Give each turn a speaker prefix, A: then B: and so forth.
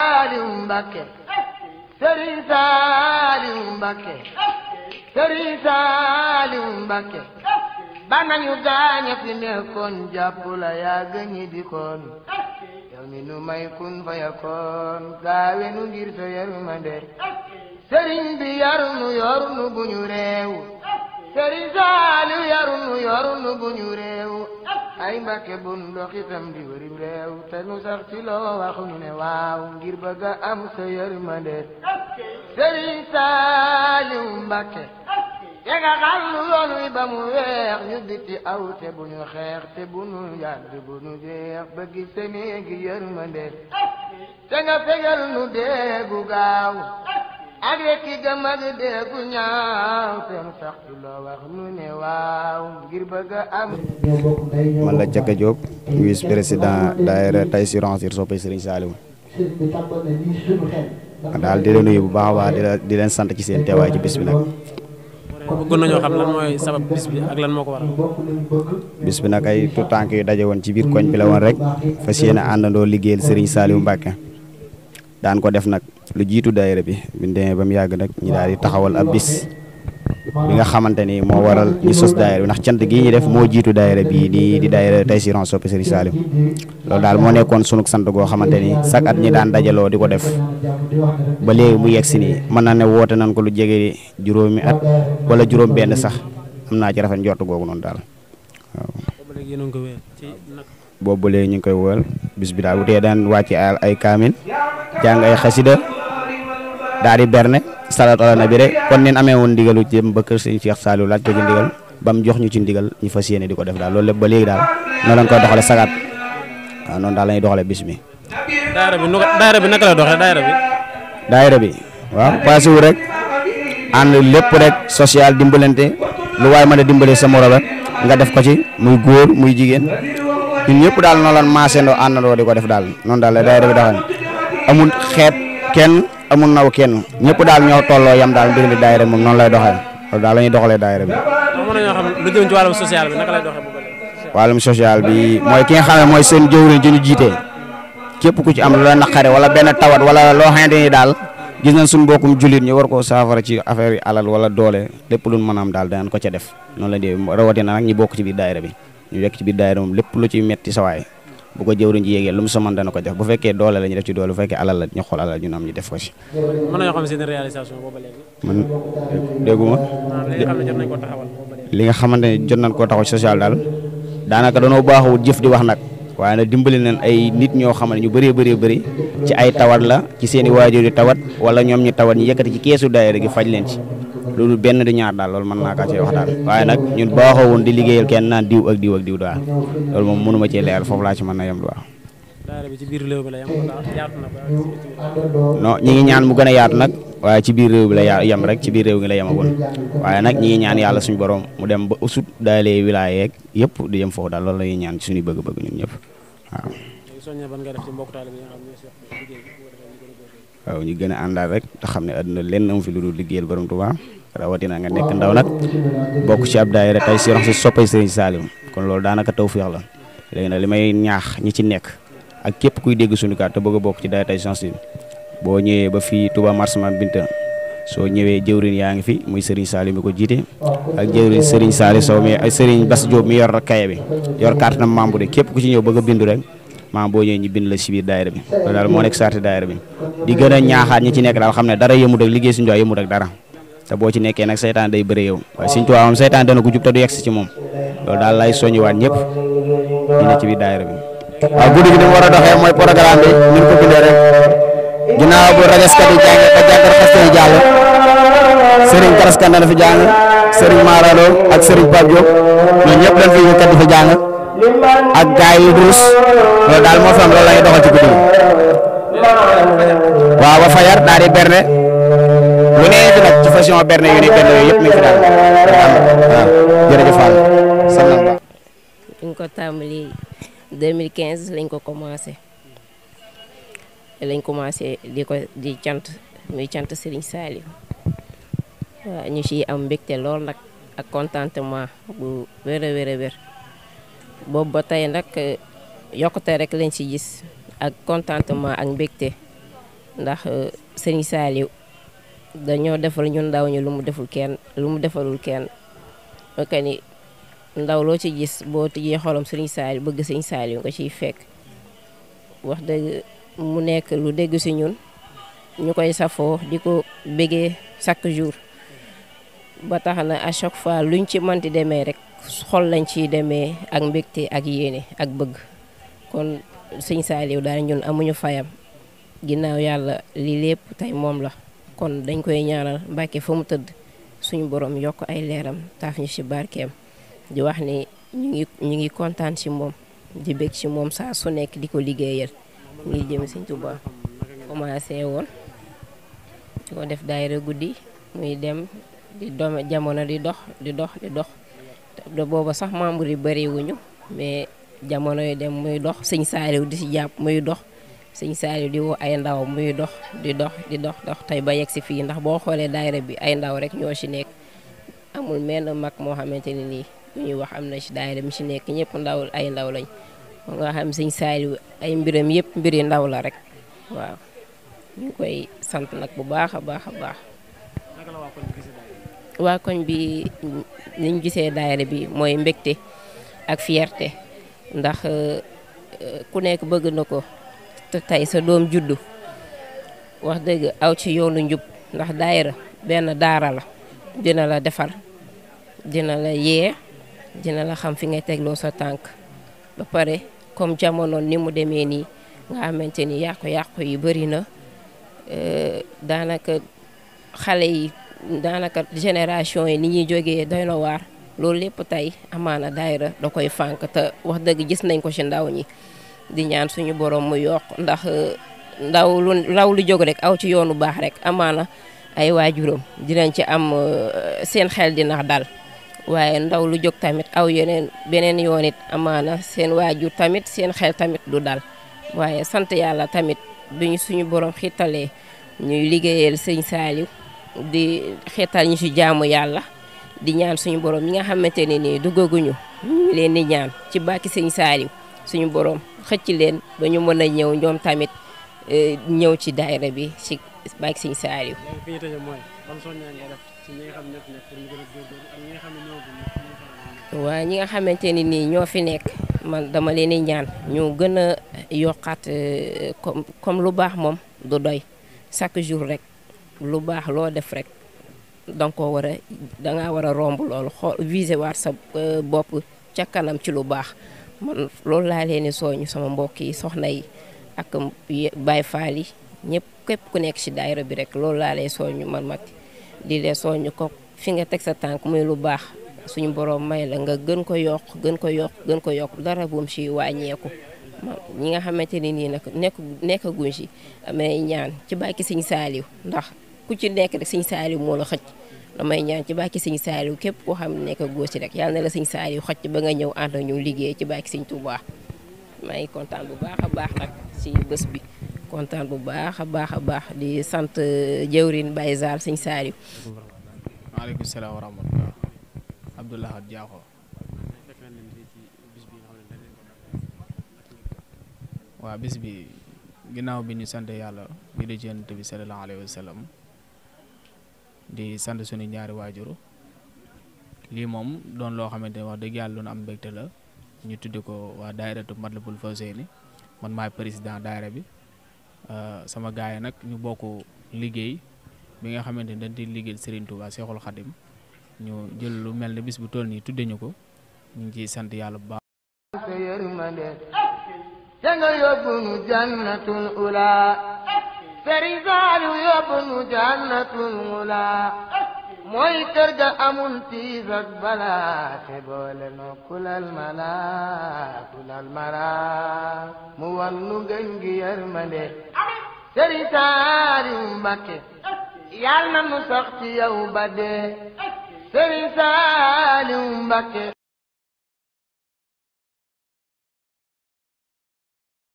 A: Saliou Mbacké Serigne Saliou Mbacké Serigne Saliou Mbacké ba yaa gëñi di koon yow mi nu may kun fa yakoon gaawe nu ngir yaruma nde Serigne bi yar nu nu bu ñu Serigne Saliou yarunu yorunu bu ñu réew ay Mbàkke bun dox di wërim réew te nu ci loo wax ne waaw ngir bëgg a am sa yërmande Serigne Saliou Mbàkke te nga xam lu yoon ba mu weex ñu biti aw te bu ñu xeex te bu ñu yàgg bu ñu jeex ba gis te néegi yërmande te nga fegal nu déggu gaaw
B: ak rek ki gëm ak déggu
A: ñaaw seen sax ci loo wax nu ne waaw ngir bëgg am.
C: man la jaka Diop vice président daayira Taysiroul sir soppay Serigne salim dal di leen yu bu baax baax di leen sante ci seen teway ci bis bi nak bëggoon nañu xam lan moy sabab bis bi ak lan moko waral. bis bi nak ay tout tank yu dajé won ci bir koñ bi la won rek fasiyena andando àndandoo Serigne salim Mbacke daan ko def nak lu jitu daayira bi biñ demee bam yag nak ñi daal di taxawal abiss bi nga xamanteni ni waral ñi sos daayira nak cënd gi ñi def mo jitu daayira bi di di daayira Taysiroul Soppe Serigne salim lool daal mo nekkon sunuk sant go xamanteni sak at ñi daan dajalo di def ba léegi mu yexsi ni man na ne wote nan ko lu jege juroomi at wala juroom benn sax amna ci rafet ñort gogu non daal waaw ñu koy bis bi daal wuté daan wàcc ay kamil jang ay xasida dari berne salat ala nabire rek kon undi amé won ndigalu jëm ba keur seigne Cheikh Saliou la ko ci bam jox ñu ci ndigal ñu fasiyene diko di def daal loolu lépp ba léegi dal noonu lañ ko doxale sagat non dal lañ doxale bismi daara daayira bi daara bi naka la doxee daara bi daara bi waaw passé wu rek and lepp rek social dimbalante lu way mën dimbalé sa nga def ko ci muy goor muy jigen ñun ñëpp dal lañ di def dal non dal daara bi doxal amul xet kenn amul naw kenn ñëpp daal ñoo tolloo yam daal mbir mi daayira moom noonu lay doxee daal la ñuy doxalee daayira bi. mën nañoo xam lu jëm ci social bi mooy ki nga xam ne mooy seen jëwriñ ji ñu jiite képp ku ci am lu la naqare wala benn tawat wala loo xamante ni daal gis nañ suñu mbokkum jullit ñu war ko saafara ci affaire yi alal wala doole lépp lu mën a daal danañ ko ca def noonu la ñuy rawatina nag ñu bokk ci biir daayira bi ñu wekk ci biir daayira moom lépp lu ci metti sawaay Ya, bu ko jeewru ñi yegge lu mu soman dana ko def bu fekke doole lañu def ci doole bu fekkee alal la ñu xol alal ñu am ñu def ko ci mën nañoo xam seen réalisation bo ba légui man dégguma. li nga xam jot nañ ko taxawal li nga xamante jot nañ koo taxaw social dal danaka dañu baaxu jëf di wax nak waye na dimbali nañ ay nit ño xamantene ñu bëree bëree bëri ci ay tawat la ci seen i waajur yu tawat wala ñom ñu tawat ñu yëkkati ci keesu daayira gi faj leen ci loolu benn di ñaar daal loolu man naa kaa cee wax daal waaye nag ñun baaxoo woon di liggéeyal kenn naan diw ak diw ak diw daal loolu moom mënuma ma cee leeral foofu laa ci mën na yem waaw. daara bi ci biir réew bi la yem yaatu ñi ngi ñaan mu gën a nag waaye ci biir réew bi la yem rek ci biir réew gi la yemagoon waaye nag ñi ngi ñaan yàlla suñu borom mu dem ba usut daalee wilaaya yeeg yëpp di yem foofu daal loolu la ñuy ñaan suñu bëgg-bëgg ñun ñëpp waaw. waaw ñu gën a àndaal rek te xam ne àdduna leen am fi lu dul liggéeyal borom Tuubaa rawatina nga nekk ndaw nag bokk ci ab daayira tay si si soppay sëriñ Saliou kon loolu daanaka tawfeex la léegi nag li may ñaax ñi ci nekk ak képp kuy dégg suñu kàddu te bëgg a boo ñëwee ba fii Touba Marsement Binta soo ñëwee jëwrin yaa ngi fi muy Serigne Saliou mi ko jiite ak jëwrin Serigne Saliou Sow ku ci ñëw a bi loolu daal moo nekk sarti daayira a ñaaxaat ñi ci nekk daal xam ne dara yëmut ak liggéey suñu jox yëmut dara te bo ci nekké nak sétan day bëre yow waaye señ Tuubaa moom seytaan dana ko jub te du yex ci mom lool daal lay soññiwaat ñëpp ñu ne ci bi daayira bi. wa guddi gi ni wara doxé moy programme bi ñu ko bindé rek ginaaw bu ragaskat yi jàngee ba jàngal xasté yi jàll Serigne Karaskan dana fi jàng Serigne maralo ak Serigne Pape Diop ñoom ñëpp dañ fi yëkkat di fi jàng ak gaay yi durus lool daal mo fam lool lay doxal ci guddi wa wa fayar daari berne. façon berne yu ni benn yooyu
B: mi fi daal waaw jërëjëf Fall sant nañ ko. ñu ko tàmbali 2015 lañ ko commencé lañ commencé di ko di cant muy cant Serigne Saliou ñu ci am mbégte lool nag ak contentement bu wér a wér ba tey nag yokkute rek lañ ci gis ak kontantement ak mbégte ndax Serigne Saliou. dañoo defal ñun ndaw ñi lu mu deful kenn lu mu defalul kenn kooka ni ndaw loo ci gis boo tijjee xolam sëriñ Saaliw bëgg sëriñ Saaliw nga ciy fekk wax dëgg mu nekk lu dégg si ñun ñu koy safoo di ko bégee chaque jour ba tax na à chaque fois luñ ci mënti demee rek xol lañ ci demee ak mbégte ak yéene ak bëgg kon sëriñ Saaliw daal ñun amuñu fayam ginnaaw yàlla lii lépp tey moom la kon dañ koy ñaanal Mbàkke fu mu tëdd suñu borom yokk ay leeram taf ñu ci barkeem di wax ni ñu ngi ñu ngi kontaan ci moom di bég ci moom saa su nekk di ko liggéeyal jëm Sëñ tuba commencé woon ci ko def daayira guddi muy dem di dom jamono di dox di dox di dox do booba sax membre yi bëri wuñu mais jamono yi dem muy dox Sëñ di ci jàpp muy dox sëñ Saliou di woo ay ndaw muy dox di dox di dox dox tey ba yegg si fii ndax boo xoolee daayira bi ay ndaw rek ñoo ci nekk amul menn mag moo xamante ne nii bu ñuy wax am na ci daayira mi ci nekk ñëpp ndaw ay ndaw lañ moo nga xam sëñ ay mbiram yëpp mbiri ndaw la rek waaw ñu koy sant nag bu baax a baax a baax waa koñ bi niñ gisee daayira bi mooy mbégte ak fierté ndax euh, ku nekk bëgg na ko te tey sa doom juddu wax dëgg aw ci yoonu njub ndax daayira benn daara la dina la defar dina la yee dina la xam fi ngay tegloo sa tànk ba pare comme jamono ni mu demee nii nga xamante ni yàqu-yàqu yi bëri na euh, daanaka xale yi daanaka génération yi ni ñuy jógee doy na waar loolu lépp tey amaana daayira da koy fànk te wax dëgg gis nañ ko ci ndaw ñi di ñaan suñu borom mu yokk ndax euh, ndaw lu ndaw lu jóg rek aw ci yoonu baax rek amaana ay waajuram dinañ ci am euh, seen xel dina dal waaye ndaw lu jóg tamit aw yeneen beneen yoon it amaana seen waajur tamit seen xel tamit du dal waaye sant yàlla tamit bi ñu suñu borom xittalee ñuy liggéeyal sëñ Saaliw di xittal ñu ci jaamu yàlla di ñaan suñu borom yi nga xamante ne nii duggaguñu ñu leen ñaan ci bàkki sëñ Saaliw suñu borom xëcc leen ba ñu mën a ñëw ñoom tamit eh, ñëw ci daayira bi si baag si Saaliw waaw ñi nga xamante ni nii ñoo fi nekk man dama leen di ñaan ñu gën a yokkaat eh, comme lu baax moom du doy chaque jour rek lu baax loo def rek danga ko war a war a romb loolu xool viser waat sa eh, bopp ca kanam ci lu baax man loolu laa leen di sooñu sama mbokk yi soxna yi ak baay faal yi ñëpp képp ku nekk ci daayira bi rek loolu laa lay sooñu man mag di leen sooñu ko fi nga teg sa tànk muy lu baax suñu borom may la nga gën ko yokk gën ko yokk gën ko yokk dara buum ci wàññeeku ñi nga xamante ni nii nag nekk nekkaguñ ci amee ñaan ci bàkki Sëñ Saaliw ndax ku ci nekk rek Sëñ Saaliw moo la xëj damay ñaan ci bàkki sëñ Saaliw képp koo xam ne nekk góor si rek yàlla na la sëñ Saaliw xocc ba nga ñëw ànd ak ñu liggéey ci bàkki sëñ Tuubaa maa ngi kontaan bu baax a baax nag ci bés bi kontaan bu baax a baax a baax di sant euh, jëwrin Baye Zal sëñ Saaliw maaleykum salaam
C: wa rahmatulah Abdoulaye Diakho bis bi ginnaaw bi ñu sant yàlla bi di jënt bi di sant suñu ñaari waajur lii moom doon loo xamante ne wax dëgg yàlla lu am mbégte la ñu tuddi ko waa daayiratu Matlabul Fawzeyni man maay président daayira bi euh, sama gaay yi nag ñu bokk liggéey bi nga xamante ne dañ di liggéeyal Serigne Touba Cheikhul Khadim ñu jël lu mel ne bis bu toll nii tudde ñu ko ñu ngi sant yàlla bu baax.
A: Serigne yóbbu nu jannatul mula mooy kër ga amul tiis ak balaa te boole no kulal mala kulal mala mu wan gën gi yërmande Serigne Saliou Mbacké yàlla na nu sax ci yow ba dee Serigne Saliou Mbacké